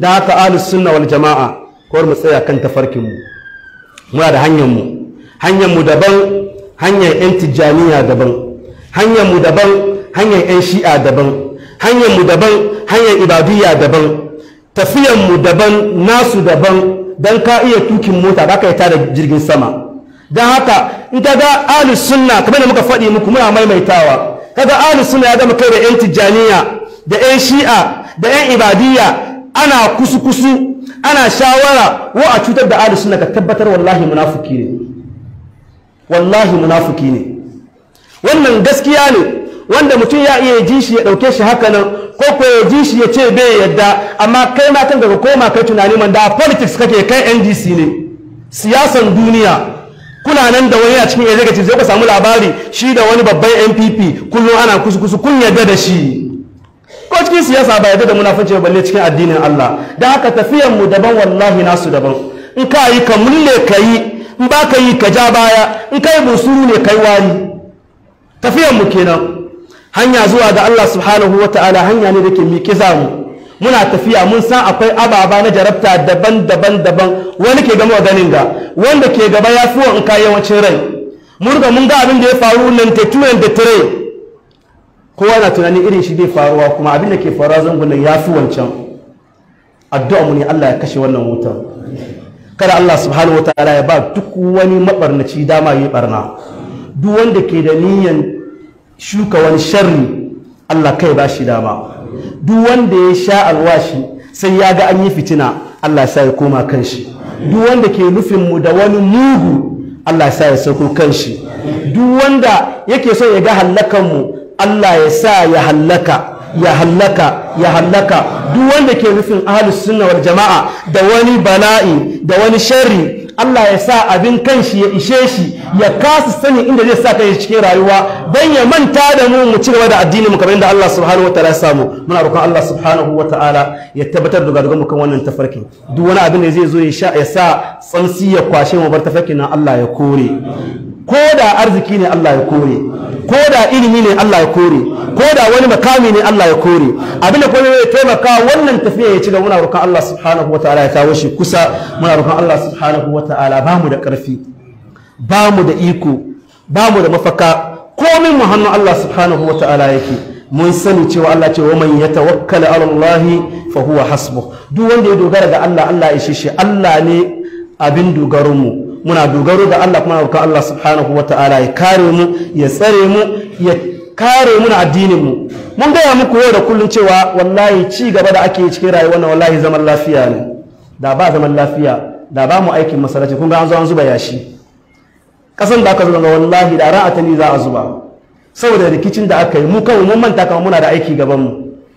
da haka ahlus sunna wal jama'a kawar mu tsaya kan tafarkin mu muna da hanyar mu hanyar mu daban hanyar yan tijjaniya daban hanyar mu daban hanyar yan shi'a daban hanyar mu daban hanyar ibadiyya daban tafiyan mu daban nasu daban dan ka iya tukin mota da ka yi da jirgin sama don haka in ka ga ahlus sunna kamar da muka faɗi muku muna maimaitawa kaga ahlus sunna ya gama kai da yan tijjaniya da yan shi'a da yan ibadiyya ana kusukusu, ana shawara wa a cutar da adi suna ka tabbatar wallahi munafuki ne wallahi munafuki ne wannan gaskiya ne wanda mutum ya iya ji shi ya ɗauke shi haka nan ko ko ya ji shi ya ce bai yadda amma kai na kan daga koma kai tunani man da politics kake kai NDC ne siyasan duniya kuna nan da wani a cikin executive zai ka samu labari shi da wani babban NPP, kullum ana kusu-kusu kun yadda da shi ko cikin siyasa ba yadda da munafunci ba balle cikin addinin Allah da haka tafiyan mu daban wallahi nasu daban in ka yi ka mulle ka yi in ba ka yi ka ja baya in kai busuru ne kai wari tafiyan mu kenan hanya zuwa ga Allah subhanahu ta'ala hanya ne dake miƙe zamu muna tafiya mun san akwai ababa na jarabta daban-daban daban wani ke gama ganin ga wanda ke gaba ya fi in ka yawancin rai mun mun ga abin da ya faru 92 93 kowa na tunanin irin shi bai faruwa kuma abin da ke faruwa zangon nan ya fi wancan addu'a mu ne Allah ya kashe wannan wuta kada Allah subhanahu wataala ya ba duk wani mabarnaci dama yi barna duk wanda ke da niyyar shuka wani sharri Allah kai ba shi dama duk wanda ya sha alwashi sai ya ga an yi fitina Allah sa ya koma kan shi duk wanda ke nufin mu da wani mugu Allah sa ya sauko kan shi duk wanda yake so ya ga hallakan mu Allah ya sa ya hallaka ya hallaka ya hallaka duk wanda ke nufin ahlus sunna wal jama'a da wani bala'i da wani sharri Allah ya sa abin shi ya ishe shi ya kasa sani inda zai sa kai cikin rayuwa dan ya manta da mu mu ci gaba da addini mu kamar yadda Allah subhanahu wataala ya samu muna roƙon Allah subhanahu wataala ya tabbatar da mu kan wannan tafarkin duk wani abin da zai zo ya sha ya sa tsamsi ya kwashe mu bar tafarkin nan Allah ya kore ko da arziki ne Allah ya kore ko da ilimi ne Allah ya kore ko da wani makami ne Allah ya kore abin da kuma ya taimaka wannan tafiya ya ci gaba muna roƙon Allah subhanahu wa ta'ala ya kawo shi kusa muna roƙon Allah subhanahu wa ta'ala. ba mu da ƙarfi ba mu da iko ba mu da mafaka komai mu hannu Allah subhanahu wa ta'ala yake mun sani cewa Allah ce waman ya tawakkala ala Allah fa huwa hasbuh duk wanda ya dogara ga Allah Allah ya shi Allah ne abin dogaron mu muna dogaro ga Allah kuma roƙon Allah subhanahu wa ta'ala ya kare mu ya tsare mu ya kare mu na addinin mu mun gaya muku yau da kullun cewa wallahi ci gaba da ake cikin rayuwar nan wallahi zaman lafiya ne da ba zaman lafiya da ba mu aikin masallaci kun ga an zo an zuba yashi kasan da aka zo ga wallahi da ra'ata ni za a zuba saboda rikicin da aka yi mu kawai mun manta kamar muna da aiki gaban mu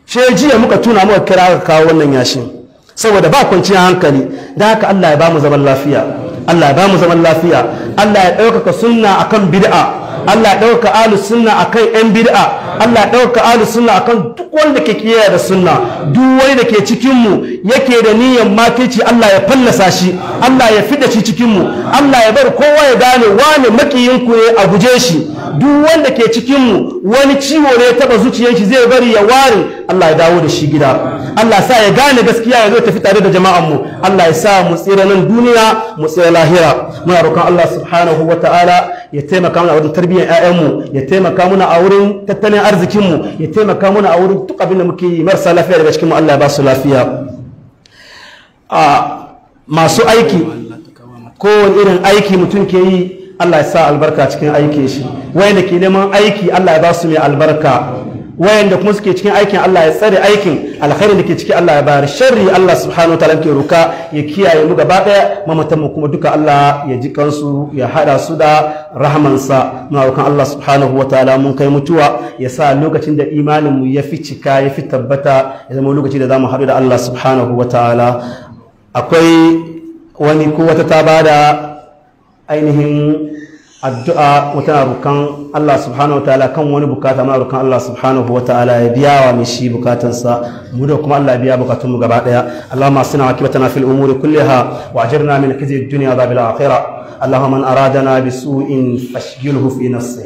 she jiya muka tuna muka kira ka kawo wannan yashin saboda ba kwanciyar hankali da haka Allah ya ba mu zaman lafiya Allah ya ba mu zaman lafiya Allah ya ɗaukaka sunna akan bid'a Allah ya ɗaukaka Alu sunna kan yan bid'a Allah ya ɗaukaka Alu sunna akan duk wanda ke kiyaye da sunna duk da ke cikinmu yake da niyyar makici Allah ya fallasa shi Allah ya fida shi cikin mu Allah ya bar kowa ya gane wane makiyin ne a guje shi duk wanda ke cikin mu wani ciwo ne ya taba zuciyar zai bari ya ware Allah ya dawo da shi gida Allah sa ya gane gaskiya ya zo tafi tare da jama'an mu Allah ya sa mu tsira nan duniya mu tsira lahira muna roƙon Allah subhanahu ta'ala ya taimaka mana a wurin tarbiyyar ƴaƴan mu ya taimaka mana a wurin tattalin arzikin mu ya taimaka mana a wurin duk abin da muke yi marasa lafiya daga cikin Allah ya ba su lafiya a ah, masu aiki kowane irin aiki mutum ke yi Allah ya sa albarka cikin aikin shi wayanda ke neman aiki Allah ya ba su mai albarka wayanda kuma suke cikin aikin Allah ya tsare aikin alkhairi da ke ciki Allah ya bayar sharri Allah subhanahu wa ta'ala ke ruka ya kiyaye mu gaba daya mamatan mu kuma duka Allah ya ji kansu ya hada su da rahamansa muna roƙon Allah subhanahu wa ta'ala mun kai mutuwa ya sa lokacin da imanin mu ya fi cika ya fi tabbata ya zama lokaci da zamu haɗu da Allah subhanahu wa ta'ala akwai wani ko wata ta bada ainihin addu'a wata rukan Allah subhanahu wa ta'ala kan wani bukata muna rukan Allah subhanahu wa ta'ala ya biya wa mai shi bukatansa mu da kuma Allah biya bukatunmu gaba daya Allahumma sina tana kibatana fil umuri kulliha wa ajirna min kizi duniya da bil اللهم من أرادنا بسوء فاشغله في نفسه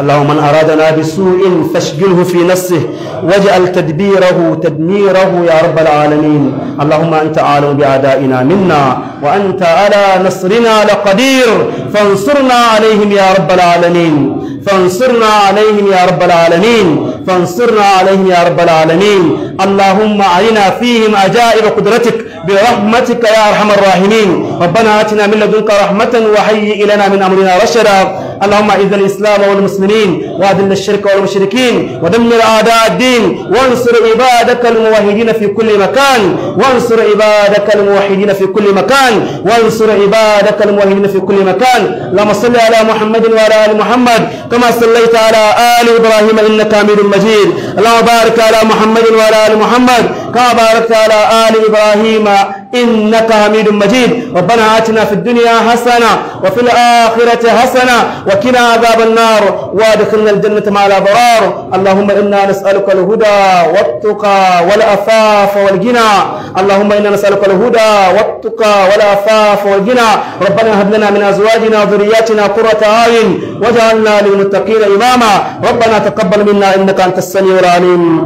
اللهم من أرادنا بسوء فاشغله في نفسه واجعل تدبيره تدميره يا رب العالمين اللهم أنت عالم بأعدائنا منا وأنت على نصرنا لقدير فانصرنا عليهم يا رب العالمين فانصرنا عليهم يا رب العالمين فانصرنا عليهم يا رب العالمين اللهم أعنا فيهم أجائب قدرتك برحمتك يا أرحم الراحمين ربنا آتنا من لدنك رحمة وهيئ لنا من أمرنا رشدا اللهم اعز الاسلام والمسلمين واذل الشرك والمشركين ودمر اعداء الدين وانصر عبادك الموحدين في كل مكان وانصر عبادك الموحدين في كل مكان وانصر عبادك الموحدين في كل مكان اللهم صل على محمد وعلى ال محمد كما صليت على ال ابراهيم انك حميد مجيد اللهم بارك على محمد وعلى ال محمد كما باركت على ال ابراهيم إنك حميد مجيد ربنا آتنا في الدنيا حسنة وفي الآخرة حسنة وقنا عذاب النار وادخلنا الجنة مع الأبرار اللهم إنا نسألك الهدى والتقى والأفاف والغنى اللهم إنا نسألك الهدى والتقى والأفاف والغنى ربنا هب لنا من أزواجنا وذرياتنا قرة أعين واجعلنا للمتقين إماما ربنا تقبل منا إنك أنت السميع العليم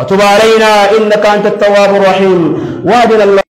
وتب علينا إنك أنت التواب الرحيم وأدنا الله